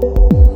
Thank you.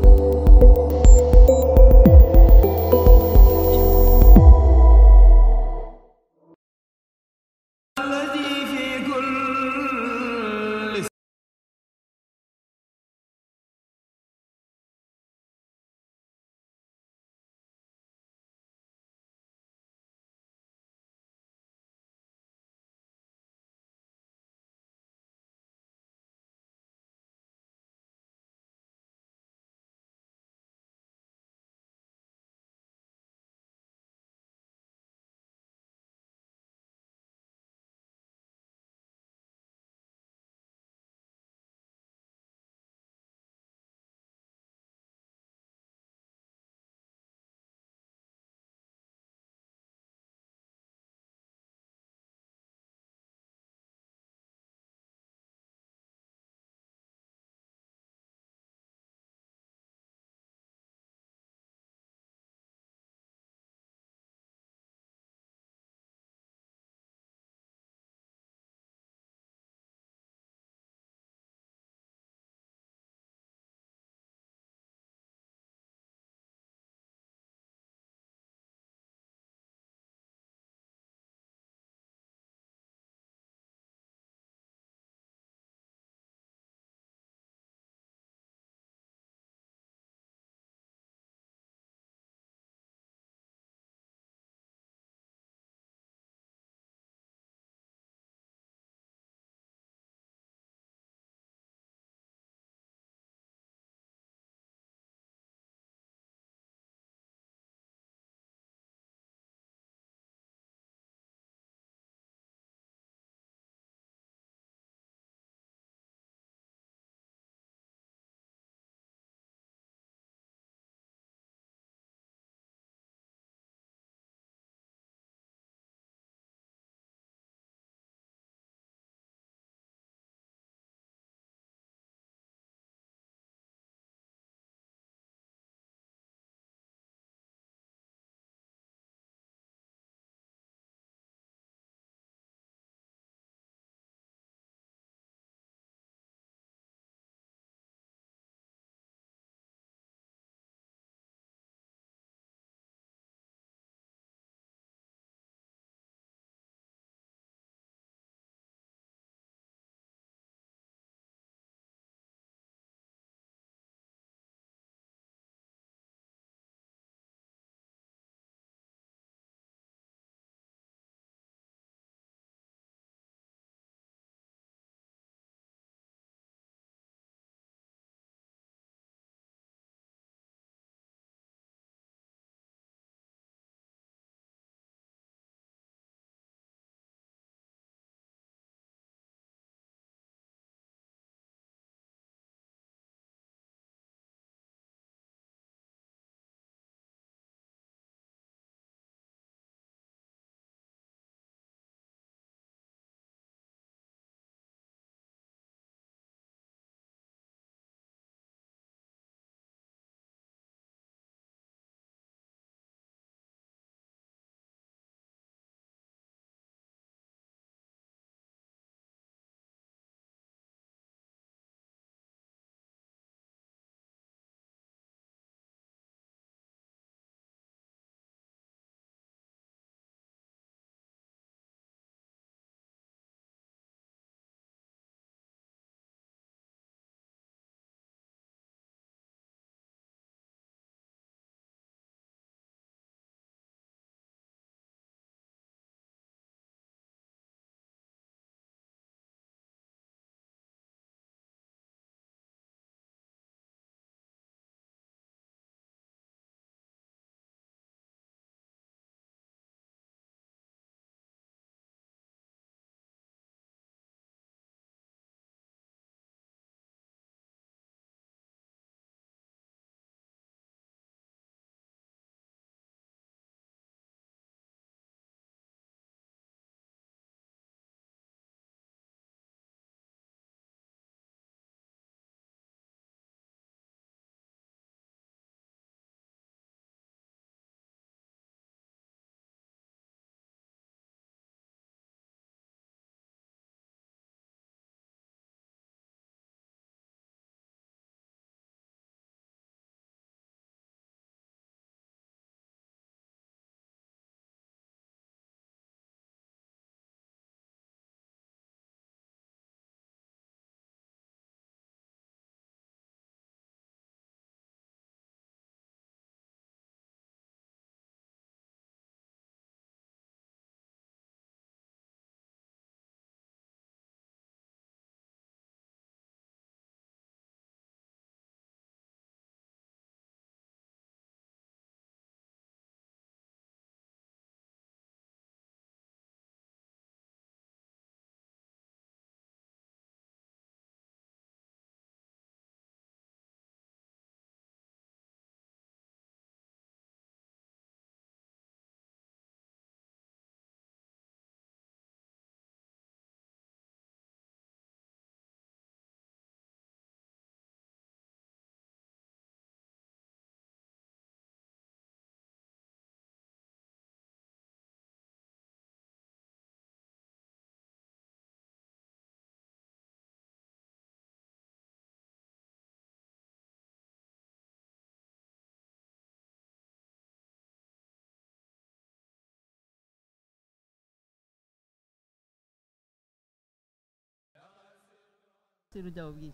Bassirou Diaw gi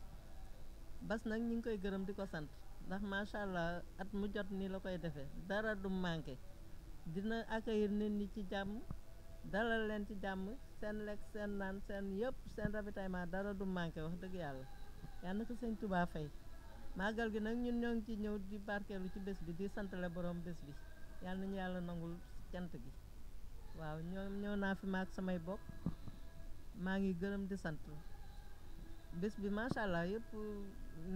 Bass nag ñu ngi koy gërëm di ko sant ndax macha allah at mu jot nii la koy defee dara du manqué dina accueillir nit ñi ci jàmm dalal leen ci jàmm seen lekk seen naan seen yëpp seen ravitaillement dara du manqué wax dëgg yàlla yal na ko fay màggal gi nag ñun ñoo ngi ci ñëw di barkeelu ci bés bi di santale boroom bés bi yàlla nañu yàlla nangul cant gi waaw ñoo ñëw naa fi maag samay bokk maa ngi gërëm di sant bés bi macha allah yëpp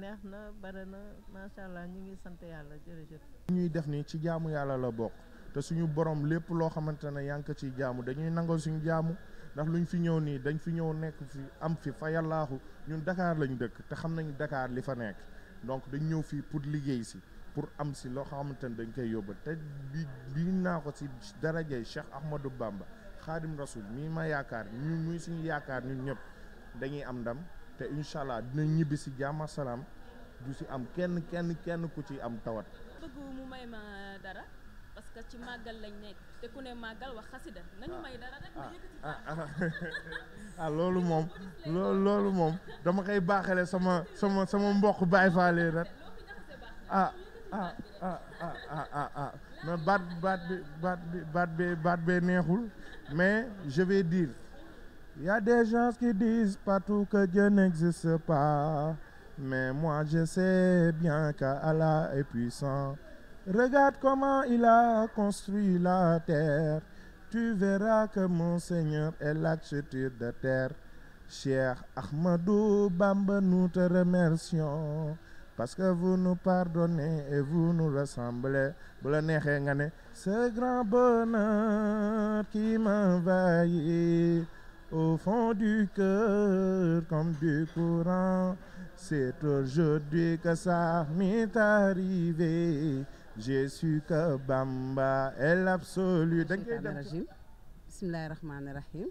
neex na bare na macha allah ñu ngi sant yàlla jërëjëf. ñuy def ni ci jaamu yàlla la bokk te suñu borom lépp loo xamante ne yaa ngi ko ciy jaamu dañuy nangoo suñu jaamu ndax luñ fi ñëw nii dañ fi ñëw nekk fi am fi fa yàllaaxu ñun Dakar lañ dëkk te xam nañ Dakar li fa nekk donc dañ ñëw fii pour liggéey si pour am si loo xamante ne dañ koy yóbbu te bi bi naa ko si darajay Cheikh Ahmadou Bamba Xaadim Rasul mii ma yaakaar ñu muy suñu yaakaar ñun ñëpp dañuy am ndam. té inshallah allah dinañ ñibbi du ci am kenn kenn kenn ku ma dara parce que ci lañ ah ah ah ah ah ah mais je vais dire. Il y a des gens qui disent partout que Dieu n'existe pas. Mais moi je sais bien qu'Allah est puissant. Regarde comment il a construit la terre. Tu verras que mon Seigneur est l'acheteur de terre. Cher Ahmadou Bamba, nous te remercions parce que vous nous pardonnez et vous nous rassemblez. Ce grand bonheur qui m'envahit au fond du cœur comme du courant. C'est aujourd'hui que ça m'est arrivé. J'ai su que Bamba est l'absolu. da ngay dem rahim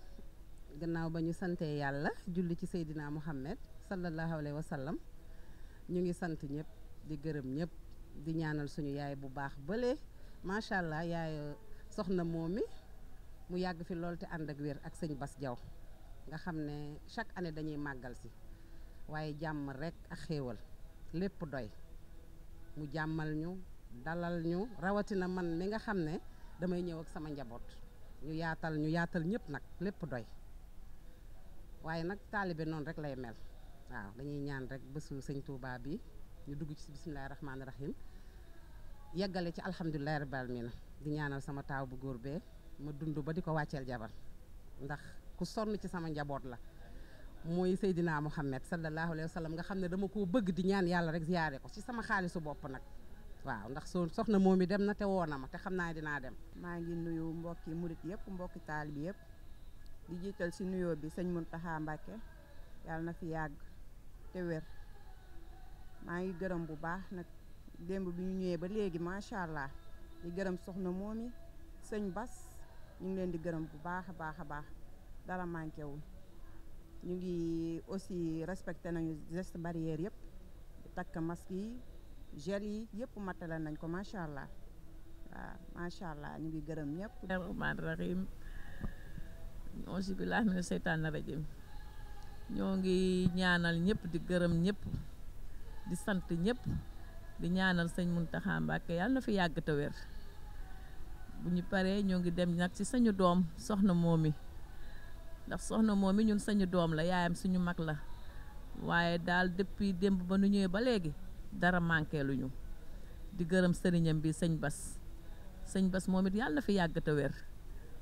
gannaaw ba ñu santee yàlla julli ci sayidina mohammed sallallahu alayhi wa sallam ñu ngi sant ñëpp di gërëm ñëpp di ñaanal suñu yaay bu baax bële macha allah yaay soxna moom mi mu yàgg fi lool te ànd ak wér ak sëñ Bas Diaw. nga xamne ne chaque année dañuy magal si waye jam rek ak xewal lepp doy mu jamal ñu dalal ñu na man mi nga xamne ne damay ñew ak sama njabot ñu yaatal ñu yaatal ñëpp nak lepp doy waye nak talibé non rek lay mel waaw dañuy ñaan rek bésu tu Touba bi ñu dugg ci bismillahir rahmanir rahim yagalé ci alhamdulilahi rabbil alamin di ñaanal sama taw bu góor ma dundu ba di waccel jabar ndax ku sonn ci sama njaboot la mooy seydinaa Mouhamed sallallahu alayhi wa nga xam ne dama koo bëgg di ñaan yàlla rek ziyaare ko ci sama xaalisu bopp nag waaw ndax soo soxna moom mi dem na te woon na ma te xam naa dinaa dem. maa ngi nuyu mbokki murit yëpp mbokki taalibe yëpp di jiital si nuyoo bi sëñ Mountakha Mbacké yàlla na fi yàgg te wér maa ngi gërëm bu baax nag démb bi ñu ñëwee ba léegi macha allah di gërëm soxna moom mi sëñ Bas ñu ngi leen di gërëm bu baax a baax a baax. dara manké wu ñu ngi aussi respecté nañu geste barrière yépp tak masque yi gel yi yépp matalé nañ ko machallah wa machallah macha ñu ngi gëreum ñëpp. rahman rahim auzubilaahi mina seytaani rajim ñoo ngi ñaanal ñëpp di gëreum ñëpp di sant ñëpp di ñaanal señ muntaha Mbàkke yalla na fi yag ta wër bu ñu paree ñoo ngi dem nak ci señu dom soxna momi ndax soxna momi ñun sañu doom la yaayam suñu mag la waaye daal depuis démb ba nu ñëwee ba léegi dara manqué luñu di gërëm sëriñam bi sëñ bas sëñ bas moom it yàlla na fi yàgg ta wér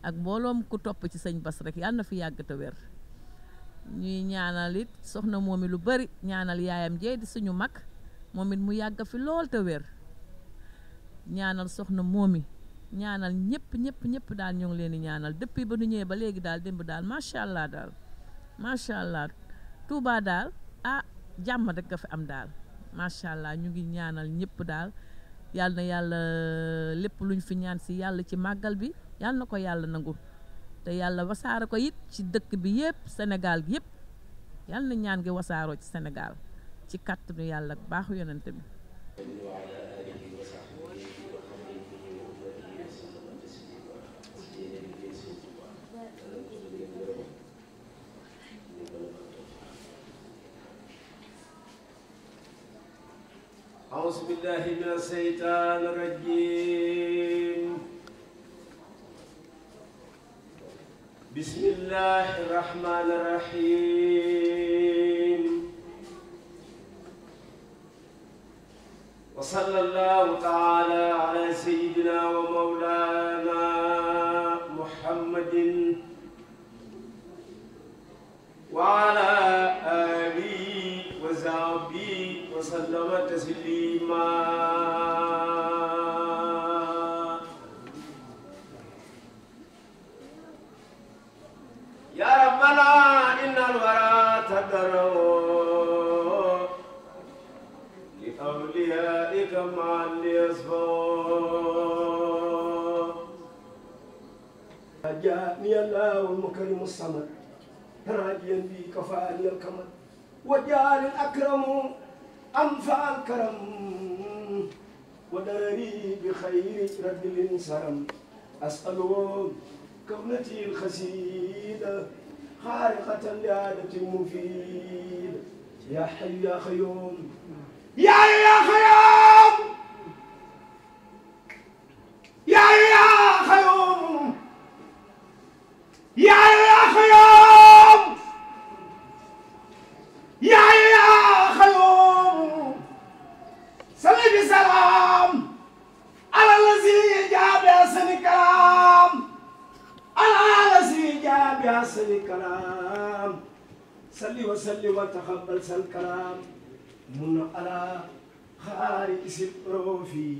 ak mbooloom ku topp ci sëñ bas rek yàlla na fi yàgg ta wér ñuy ñaanal it soxna momi lu bari ñaanal yaayam jee di suñu mag moom it mu yàgg fi lool ta wér ñaanal soxna momi ñaanal ñëpp ñëpp ñëpp daal ñoo ngi leen di ñaanal depuis ba nu ñëwee ba léegi daal démb daal macha allah daal macha allah tuubaa daal ah jàmm rek nga fi am daal macha allah ñu ngi ñaanal ñëpp daal yàlla na yàlla lépp lu ñu fi ñaan si yàlla ci màggal bi yàlla na ko yàlla nangu te yàlla wasaare ko it ci dëkk bi yëpp Sénégal gi yëpp yàlla na ñaan gi wasaaroo ci Sénégal ci kàtt kàttanu yàlla baaxu yonent bi أعوذ بالله من الشيطان الرجيم بسم الله الرحمن الرحيم وصلى الله تعالى على سيدنا ومولانا كونتي الخسيدة خارقة لعادة مفيدة يا حي يا خيوم يا حي يا خيوم يا حي يا خيوم يا حي يا خيوم أحسن الكلام سلي وسلي وتقبل سل سلكلام من على خارج سبروفي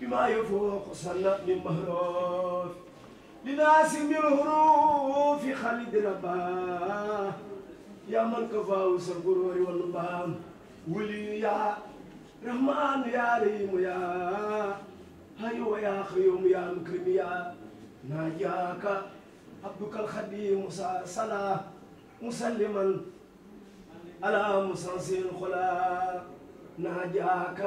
بما يفوق صلى من مهروف لناس من الهروف خالد ربا يا من كفاه سرقرور والنبام ولي يا رحمن يا ريم يا هايو يا خيوم يا مكرم يا ناجاك عبدك الخديم صلى مسلما على مسنسي الخلا ناجاك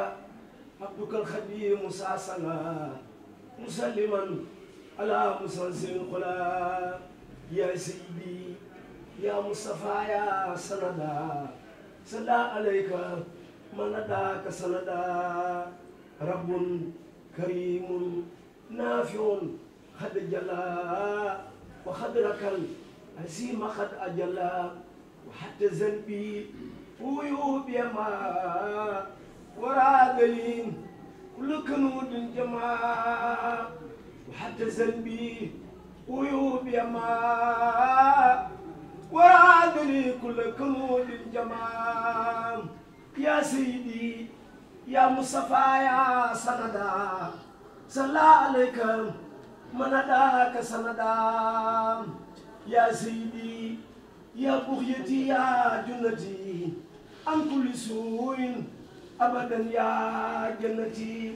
عبدك الخديم صلى مسلما على مسنسي الخلا يا سيدي يا مصطفى يا سندا صلى عليك من اداك سندا رب كريم نافع قد جلى وخدرك الهزيمة قد أجلا وحتى ذنبي ويوب ما ورادلين كل كنود الجماع وحتى ذنبي ويوب ما ورادلي كل كنود الجماع يا سيدي يا مصطفى يا سندا صلى عليكم من أداك سندا يا سيدي يا بغيتي يا جنتي عن كل سوء أبدا يا جنتي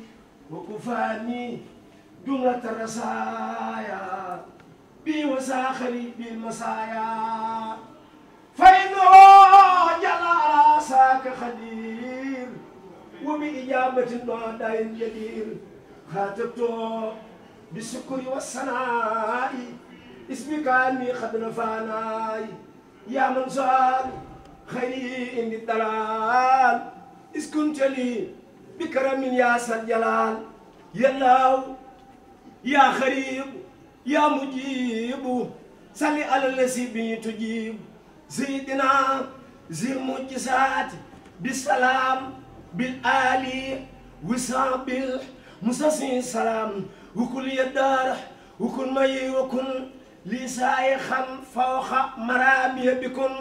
وكفاني جملة الرسايا بي وساخري بالمسايا فإنه جل راسك خدير وبإجابة دعاء جدير خاطبته بالشكر والصناع اسمك اني قد نفاناي يا من زار خيري ان الدلال إذ كنت لي بكرم يا سجلال يا الله يا خريب يا مجيب صل على الذي به تجيب زيدنا زي المعجزات بالسلام بالآلي وصابر مساسين سلام وكل يدارح وكل مي وكل لسايخا فوق مرامي بكم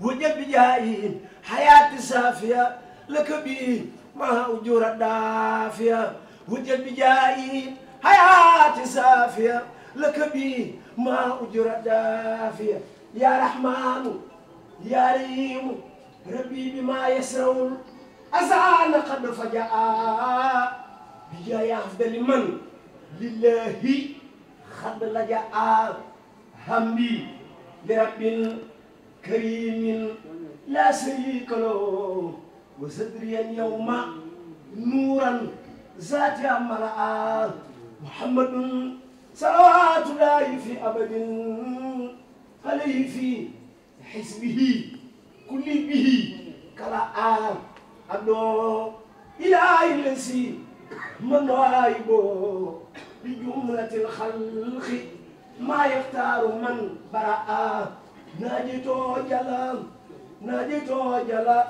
وجب جاهين حياتي سافية لك بي ما أجور دافية وجب جاهين حياتي سافية لك بي ما أجور دافية يا رحمن يا ريم ربي بما يسرون أزعل قد فجاء بجاي أفضل من lillahi xad a hambi li rabbin karimin la sharika lahu wa sadriyan yawma nuuran zaati amala a muhammadun salawatullahi fi abadin alayhi fi xisbihi kulli bihi kala a adoo ilaahi lasi مواهبه بجملة الخلق ما يختار من برأه ناجته جلا ناجته جلا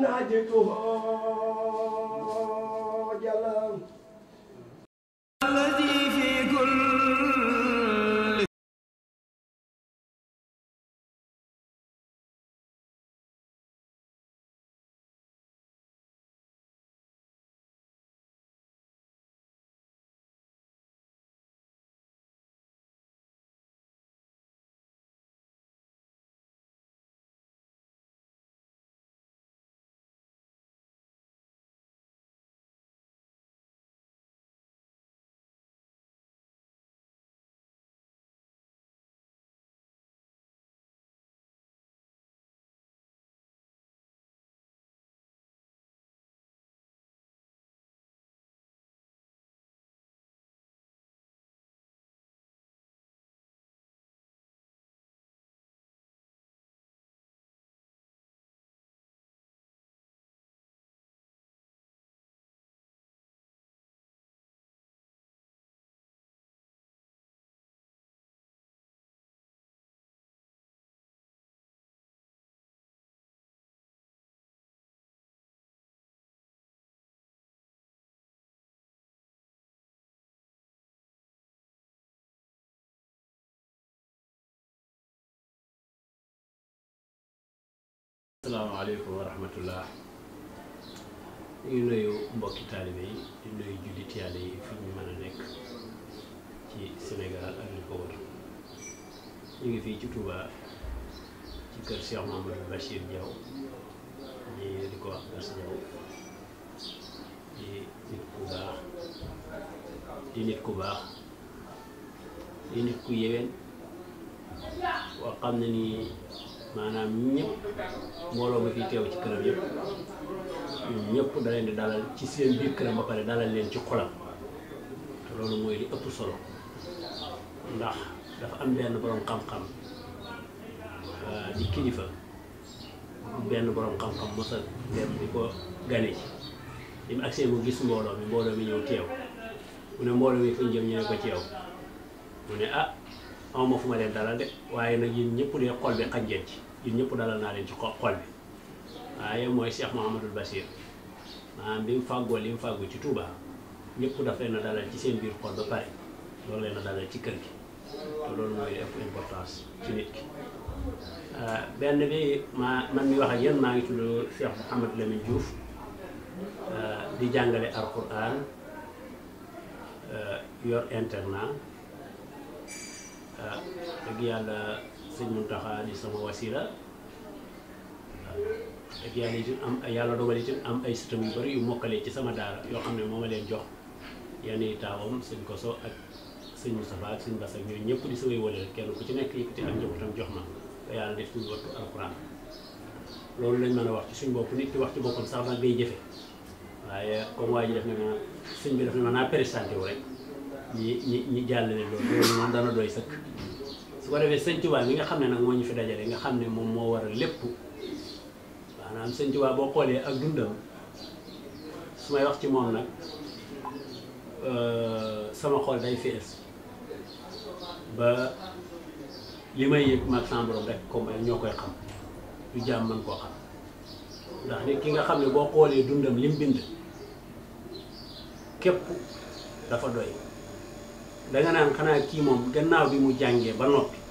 ناجته جلا الذي في كل asalaamaaleykum wa rahmatullah ñu ngi nuyu mbokki taalibe yi di nuyu jullit yàlla yi fi ñu mën a nekk ci Sénégal ak li ngi fii ci Touba ci kër Cheikh Mamadou Bachir Diaw ñi di ko wax Bass Diaw di nit ku baax di nit ku baax wax xam ne nii maanaam ñëpp mbooloo ma fi teew ci këram yëpp ñoom ñëpp da di dalal ci seen biir këram ba pare dalal leen ci xolam te loolu mooy li ëpp solo ndax dafa am benn boroom xam-xam euh, di kilifa benn boroom xam-xam mosa dem di ko gane ji li mu mu gis mbooloo mi mbooloo mi ñëw teew mu ne mbooloo mi fu jëm ñu ko teew mu ne ah aw ma fu ma leen dalal de waaye nag yéen ñëpp de xol bi xaj ngeen ci yéen ñëpp dalal naa leen ci xol bi waaye mooy Cheikh Mouhamadul Basir maanaam bi mu fàggoo li mu fàggu ci Touba ñëpp daf leen a dalal ci seen biir xol ba pare loolu leen a dalal ci kër gi te loolu mooy ëpp importance ci nit ki euh, benn bi maa man mi wax ak yéen maa ngi tudd Cheikh Mouhamadou Lamine Diouf euh, di jàngale alquran euh, yor internat ah dëgg yàlla sëñ Mountakha di sama wasila dëgg yàlla itam am yàlla dogal itam am ay sëtam yu bari yu mokkalee ci sama daara yoo xam ne moo ma leen jox yenn yi taawam sëñ Koso ak sëñ Moustapha ak sëñ Bass ak ñëpp di samay wëleel kenn ku ci nekk yëkkati ak njabootam jox ma te loolu lañ mën a wax ci suñ bopp nit ki wax ci boppam sax nag day jëfe waaye comme waa ji ne ma sëñ bi def ne ma naa présenté wu rek ñi ñi ñi jàllale loolu loolu moom dana doy sëkk ko defee sëñ Tuubaa nga xam ne nag moo ñu fi dajale nga xam ne moom moo war a lépp maanaam sëñ Tuubaa boo xoolee ak dundam su may wax ci moom nag euh, sama xool day fees ba li may yëg mag sembrom rek comme ñoo koy xam du jaam mën koo xam ndax nit ki nga xam ne boo xoolee dundam lim bind képp dafa doy danga naan xanaa kii moom gannaaw bi mu jàngee ba noppi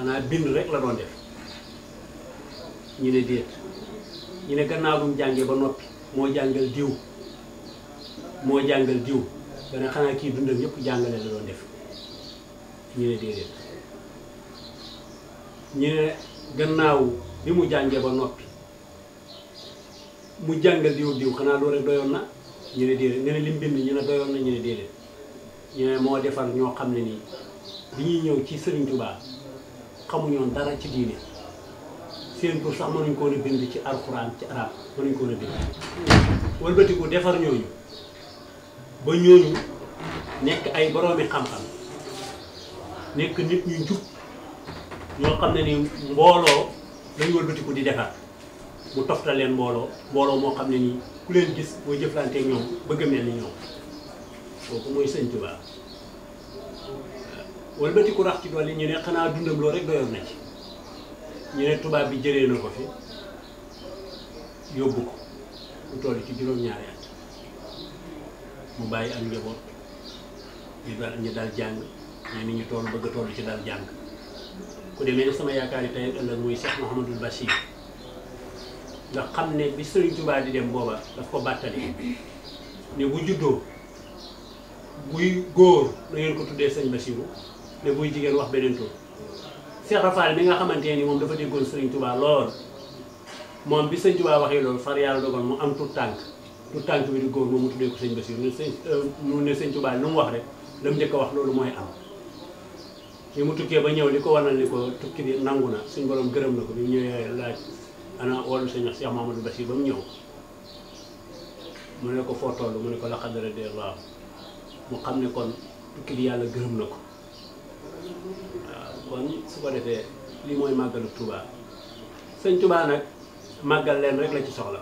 xanaa bind rek la doon def ñu ne ñu ne gannaaw bu mu jàngee ba noppi moo jàngal diw moo jàngal diw dana xanaa kii dundam yëpp jàngale la doon def ñu ne déedéet ñu ne gannaaw bi mu jàngee ba noppi mu jàngal diw diw xanaa loolu rek doyoon na ñu ne déedéet nga ne lim bind ñu ne doyoon na ñu ne déedéet ñu ne moo defar ñoo xam ne nii bi ñuy ñëw ci Serigne Touba xamuñoon dara ci diine seen tur sax mënuñ ko woon a bind ci alxuraan ci arab mënuñ ko woon a bind wëlbatiku defar ñooñu ba ñooñu nekk ay boroomi xam-xam nekk nit ñu njub ñoo xam ne ni mbooloo lañu wëlbatiku di defar mu toftal leen mbooloo mbooloo moo xam ne nii ku leen gis mooy jëflante ñoom bëgg mel ni ñoom kooku mooy Sëñ Tuubaa wëlbati ku rax ci dolli ñu ne xanaa dundam loo rek doyoon na ci ñu ne tubaab bi jëlee na ko fi yóbbu ko lu toll ci juróom-ñaari at mu bàyyi ak njaboot ñu dal ñu dal jàng ñee ni ñu toll bëgg a toll ci dal jàng ku demee ne sama yaakaar yi tey ëllëg muy Cheikh Mouhamadul Bachir nga xam ne bi Sëriñ Tuubaa di dem booba daf ko bàttali ne bu juddoo buy góor na ngeen ko tuddee sëñ Basiru ne buy jigéen wax beneen tur Cheikh Rafaal bi nga xamante ni moom dafa déggoon Serigne Touba lool moom bi Sëñ Touba waxee loolu far yàlla dogal mu am tur tànk tur tànk bi di mu tuddee Sëñ Basiir ne Sëñ euh, mu ne Sëñ Touba lu mu wax rek dam mu njëkk wax loolu mooy am. li mu tukkee ba ñëw li ko wanal ni ko tukki bi nangu na suñ borom gërëm na ko bi ñëwee laaj ana wolu Sëñ Cheikh Mamadou Basiir ba mu ñëw mu ne ko foo toll mu ne ko la xadara de waaw mu xam ne kon tukki bi yàlla gërëm na ko. waaw kon su ko defee lii mooy màggalu Touba sëñ Touba nag màggal leen rek la ci soxla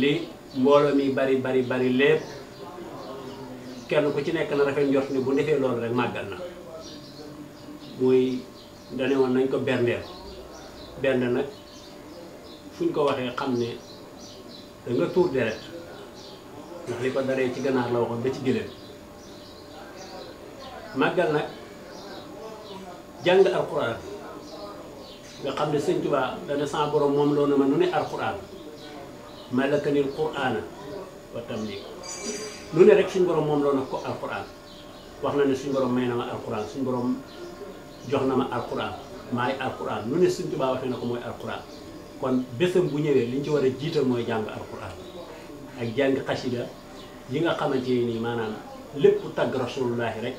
li mbooloo mi bari bari bari lépp kenn ku ci nekk na rafet njort ni bu nekkee loolu rek màggal na muy dane woon nañ ko berndeel bernde nag fuñ ko waxee xam ne da nga tuur deret ndax li ko daree ci ganaar la waxoon ba ci gëléem màggal nag jàng alxuraan nga xam ne sëñ Tuubaa dana sa borom moom loo na ma nu ne alxuraan malakanil quraana wa tamlik nu ne rek suñ borom moom loo na ko alxuraan wax na ne suñ borom may na ma alxuraan suñ borom jox na ma alxuraan maay alxuraan nu ne sëñ Tuubaa waxee na ko mooy alxuraan kon bésam bu ñëwee li ñu ci war a jiital mooy jàng alxuraan ak jàng xasida yi nga xamante nii maanaam lépp tagg rasulullahi rek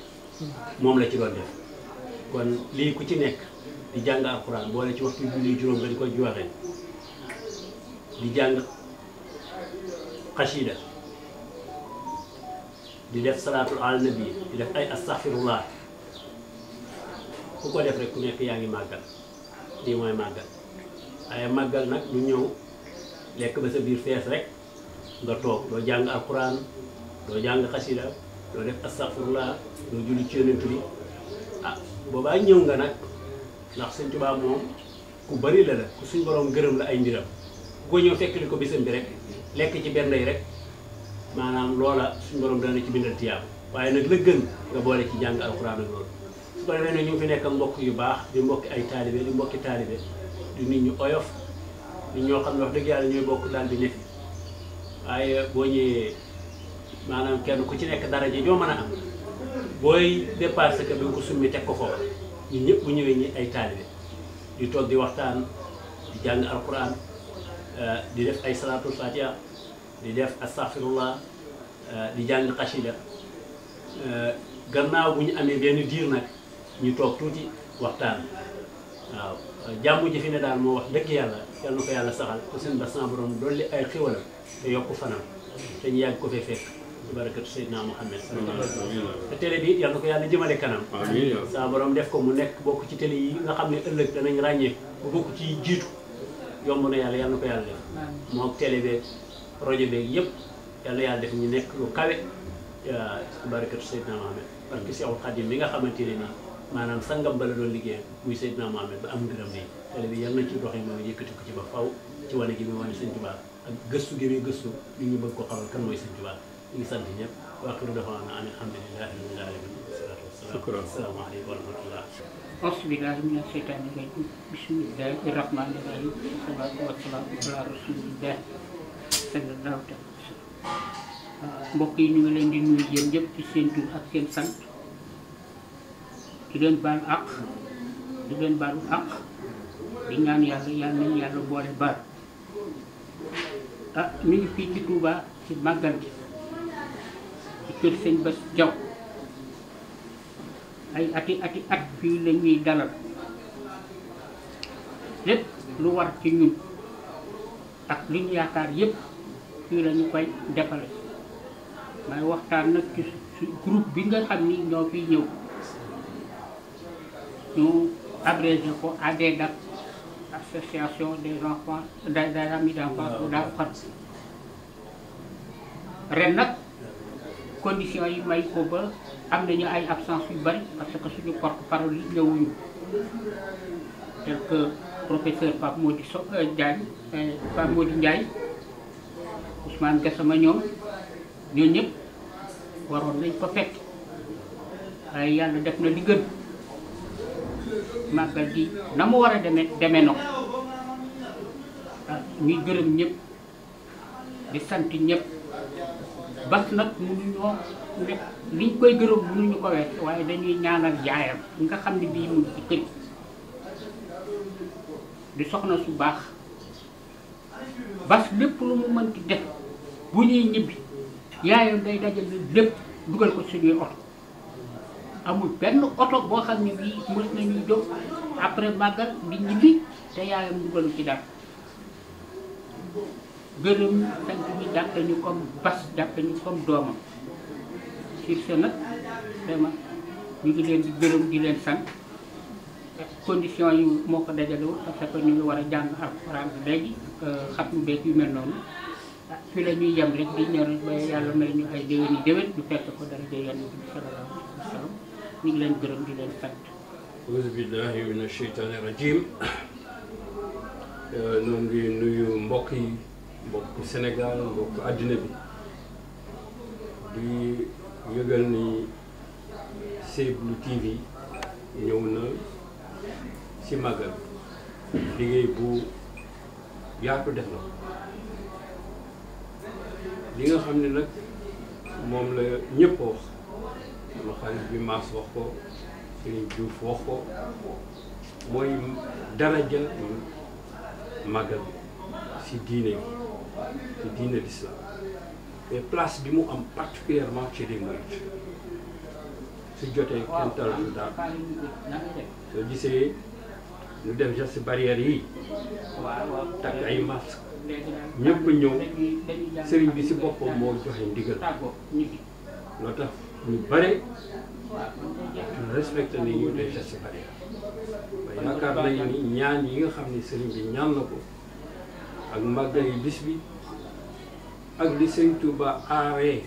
mom la ci doon def kon li ku ci nek di jàng bo le ci waxtu julli juroom nga di ko joxe di jang xasida di def salatu al nabi di def ay astaghfirullah ku ko def rek ku nek yaangi magal di moy magal ay magal nak nag du ñëw lekk ba sa bir fess rek nga tok do jang alxuraan do jang xasida doo def astafurlaa doo julli ci yonent bi ah boobaa ñëw nga nag ndax suñ Tuubaa moom ku bari la la ku suñ borom gërëm la ay mbiram ku ko ñëw fekk li ko bisam bi rek lekk ci benn yi rek maanaam loola suñ borom dana ci bindal tiyaab waaye nag la nga boole ci jàng alxuraan ak loolu su ko defee ne ñu fi nekk mbokk yu baax di mbokki ay taalibe di mbokki taalibe di nit ñu oyof nit ñoo xam ne wax dëgg yàlla ñuy bokk daal di ne fi waaye boo maanaam kenn ku ci nekk daraja joo mën a am booy dépassé que bi ko summi teg ko foofu ñun ñëpp bu ñëwee ñi ay taalibe di toog di waxtaan di jàng alquran euh, di def ay salaatul di def astaghfirullah euh, di jàng xasida euh, gannaaw bu ñu amee benn diir nag ñu toog tuuti waxtaan waaw jàmm ji fi ne daal moo wax dëgg yàlla yal ko yàlla saxal ku seen bas borom dolli ay xiwalam te yokku fanam te ñu yàgg ko fee ci barakatu Seydina Mouhamed te télé bi yal na ko yàlla jëmale kanam saa borom def ko mu nekk bokk ci télé yi nga xam ne ëllëg danañ ràññee bu bokk ci jiitu yomb na yàlla yal na ko yàlla def moom télé beeg rajo yëpp yal na def ñu nekk lu kawe ci barakatu Seydina Mouhamed parce que Seexul Xadim mi nga xamante ne nii maanaam sangam bala doon liggéeyam muy Seydina Mouhamed ba am ngërëm nii télé bi yal nañ ci doxee moom yëkkati ko ci ba faw ci wane gi muy wane Sëñ Tuubaa ak gëstu gi muy gëstu li ñu bëgg ko xamal kan mooy Sëñ Tuubaa ñu sant ñëpp waa kër doxalana an alhamdulilah rabbil alamin wassalatu wassalamu assalamu أعوذ بالله من الشيطان الرجيم بسم الله الرحمن الرحيم والصلاة والسلام على رسول الله صلى الله عليه وسلم mbokk ñu ngi leen di nuyu yéen ñëpp ci seen tur ak seen sant di leen baal di leen baalu di ñaan yàlla yàlla nañ yàlla boole baal ah ñu ngi fii ci Touba ci kër sëñ Bass Diaw ay ati ati at fii la ñuy dalal lépp lu war ci ñun ak li ñu yaakaar yépp fii la ñu koy defale may waxtaan nag ci groupe bi nga xam ni ñoo fi ñëw ñu abrégé ko ADEDAC association des enfants des amis d'enfance bu daa xar ren nag condition yi may ko ba am nañu ay absence yu bari parce que suñu porte-parole yi ñëwuñu tel que professeur Pape Mody So euh, Diagne euh, Pape Mody Ndiaye Ousmane Gassama ñoom ñoo ñëpp waroon nañ ko fekk waaye yàlla def na li gën màggal na mu war a deme deme na ah, ñuy gërëm ñëpp di sant ñëpp bas nag mënuñoo nekk liñ koy gërëm mënuñu ko wees waaye dañuy ñaanal yaayam nga xam ni bii mu ci kër di soxna su baax bas lépp lu mu mënti def bu ñuy ñibbi yaayam day dajale lépp dugal ko suñuy oto amul benn oto boo xam ne bii mës nañuy jóg après màggal di ñibbi te yaayam dugalu ci dara gërëm sant bi jàppe ñu comme bas jàppe comme doomam sur ce nag vraiment ñu ngi leen di gërëm di leen sant condition yi moo ko dajalewu parce que ñu ngi war a jàng alxuraan bi léegi xam ñu beeg yu mel noonu fi la ñuy yem rek di ñor ba yàlla may ñu ay ko dara ñu ngi leen gërëm di leen sant auzu billahi min asheytaani rajim ñoo ngi nuyu mbokk yi mbokk Sénégal mbokk àddina bi di yëgal ni Seyblou TV ñëw na ci màggal liggéey bu yaatu def na li nga xam ne nag moom la ñëpp wax sama xarit bi Maas wax ko Serigne Diouf wax ko mooy daraja màggal ci diine bi ci diine l'islam et place bi mu am particulièrement ci les Mourides su jotee kental du daal soo gisee ñu def geste barrière yi takk ay masque ñëpp ñëw sëriñ bi si boppam moo joxe ndigal loo tax ñu bare respecté nañu les gestes barrières waaye yaakaar nañu ni ñaan yi nga xam ne sëriñ bi ñaan na ko ak màggal yi bi ak li sëñ Touba aaree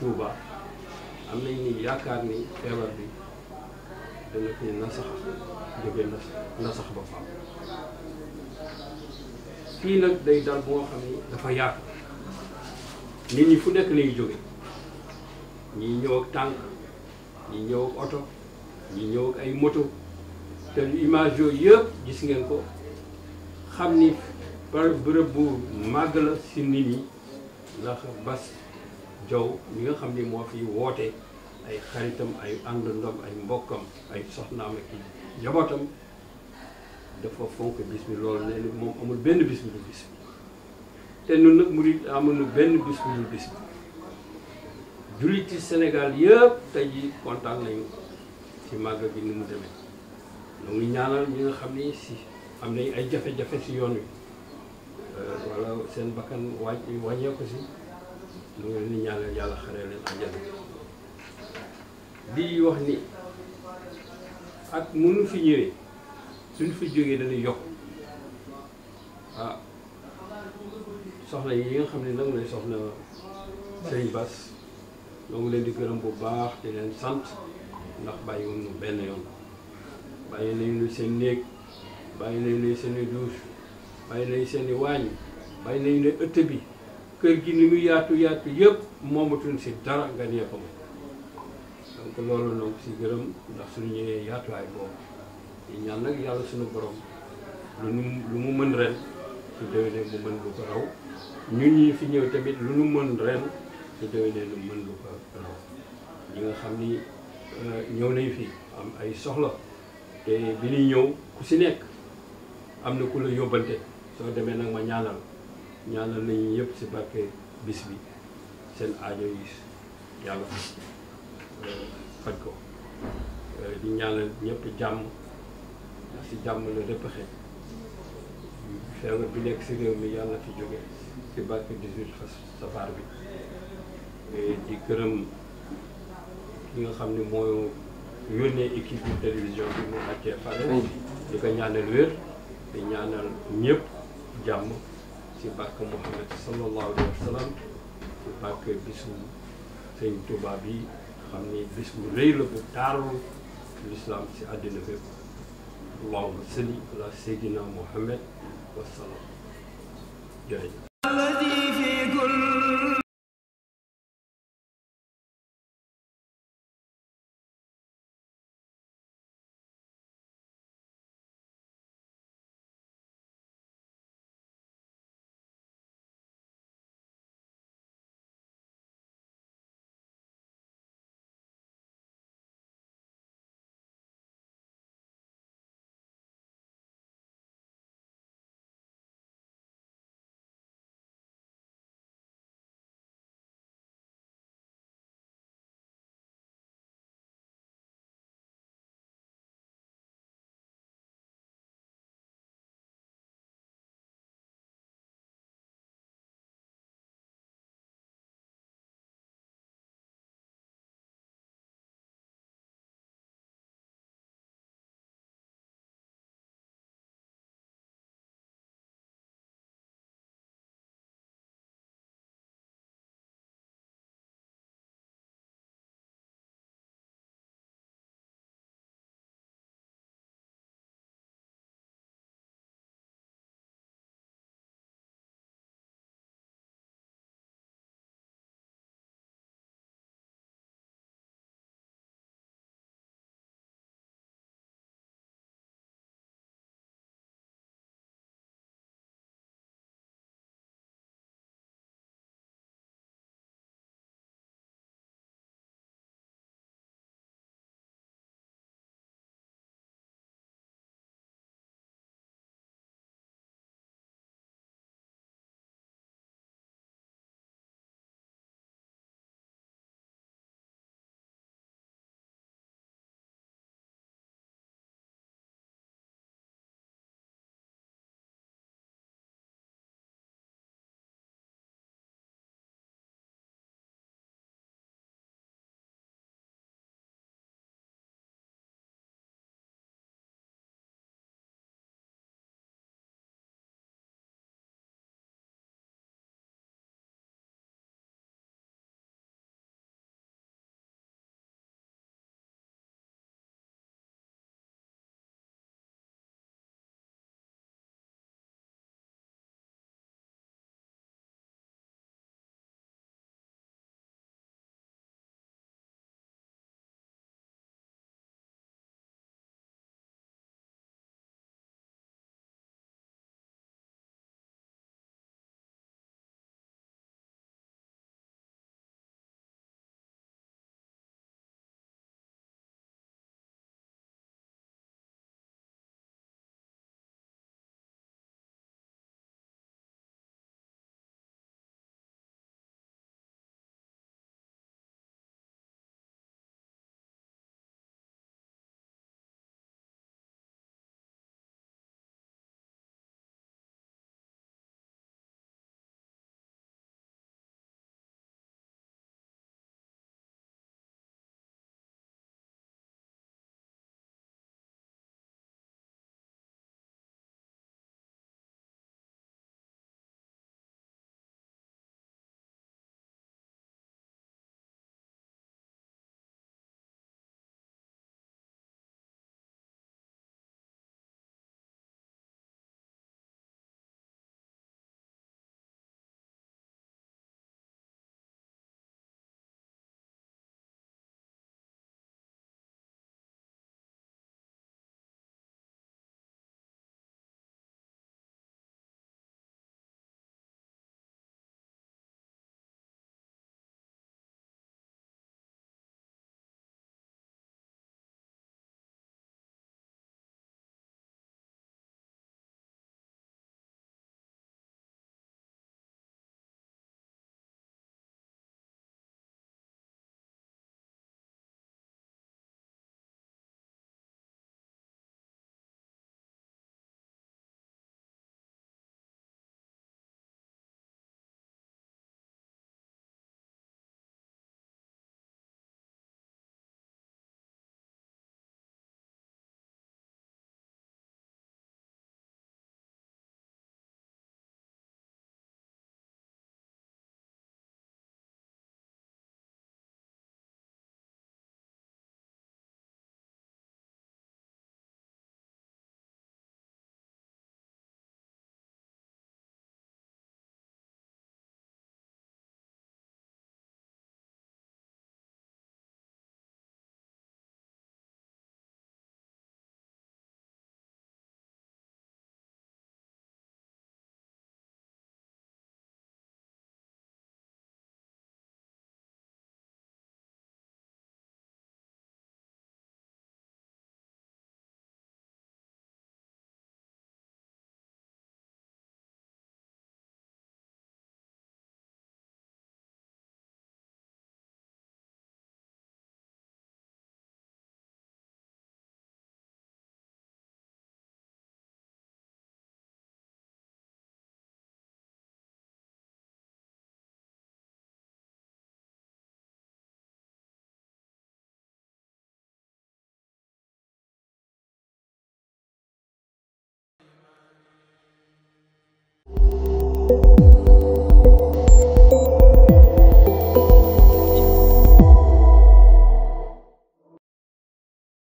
Touba am nañ ni yaakaar ni feebar bi dana fi nasax ba faam fii nag day dal boo xam ni dafa yaatu nit ñi fu nekk lañuy jóge ñi ñëw tànk ñi ñëw oto ñi ñëw ay moto te image yooyu yëpp gis ngeen ko xam ni par bërëb bu màgg la si nit ñi ndax Bass Diaw mi nga xam ni moo fi woote ay xaritam ay àndandom ay mbokkam ay soxnaam ak njabootam dafa fonk bis bi loolu nee na moom amul benn bis bi te nun benn bis bu dul bis bi julliti Sénégal yëpp tey kontaan nañu ci màggal bi ni mu demee ñu ngi ñaanal ñi nga xam ni si am nañu ay jafe-jafe si yoon wi Euh, walla seen bakkan wàññ wàññeeku si ñu ngi leen di ñaanal yàlla xaree leen àjjana di wax ni ak mënu fi ñëwee suñ fi jógee dañuy yokk ah soxna yi nga xam ne nangu lay soxna Sëriñ Bass ñoo ngi leen di gërëm bu baax di leen sant ndax bàyyi woon benn yoon bàyyi nañu nu seen néeg bàyyi nañu nu seen i douche bàyyi nañ seeni waañ bàyyi nañ la ëtt bi kër gi ni mu yaatu yaatu yëpp moomatuñ si dara nga nee ko ma donc loolu donc si gërëm ndax su ñëwee yaatuwaay boobu di ñaan nag yàlla suñu borom lu mu mën ren su déwénee mu mën bu ko raw ñun ñi fi ñëw tamit lu nu mën ren su déwénee lu mën lu ko raw ñi nga xam ni euh, ñëw nañ fii am ay soxla te bi ñuy ñëw ku si nekk am na ku la yóbbante soo demee nag ma ñaanal ñaanal nañu yëpp si barke bis bi seen ajo yi yàlla faj ko euh, euh, di ñaanal ñépp jàmm ndax si jàmm la lépp xeet feebar bi nekk si réew mi yàlla fi jóge si barke 18 fas safar bi di gërëm ki nga xam ni moo yónnee équipe bi télévision bi mu àccee fare di ko ñaanal wér di ñaanal ñëpp jàmm ci barke Muhammad sallallahu alayhi wa sallam ci barke bisu sëñ Touba bi xam ni bis bu rëy la bu taaru l'islam ci àddina bépp allahumma salli ala sayyidina Muhammad wa sallam Thank you.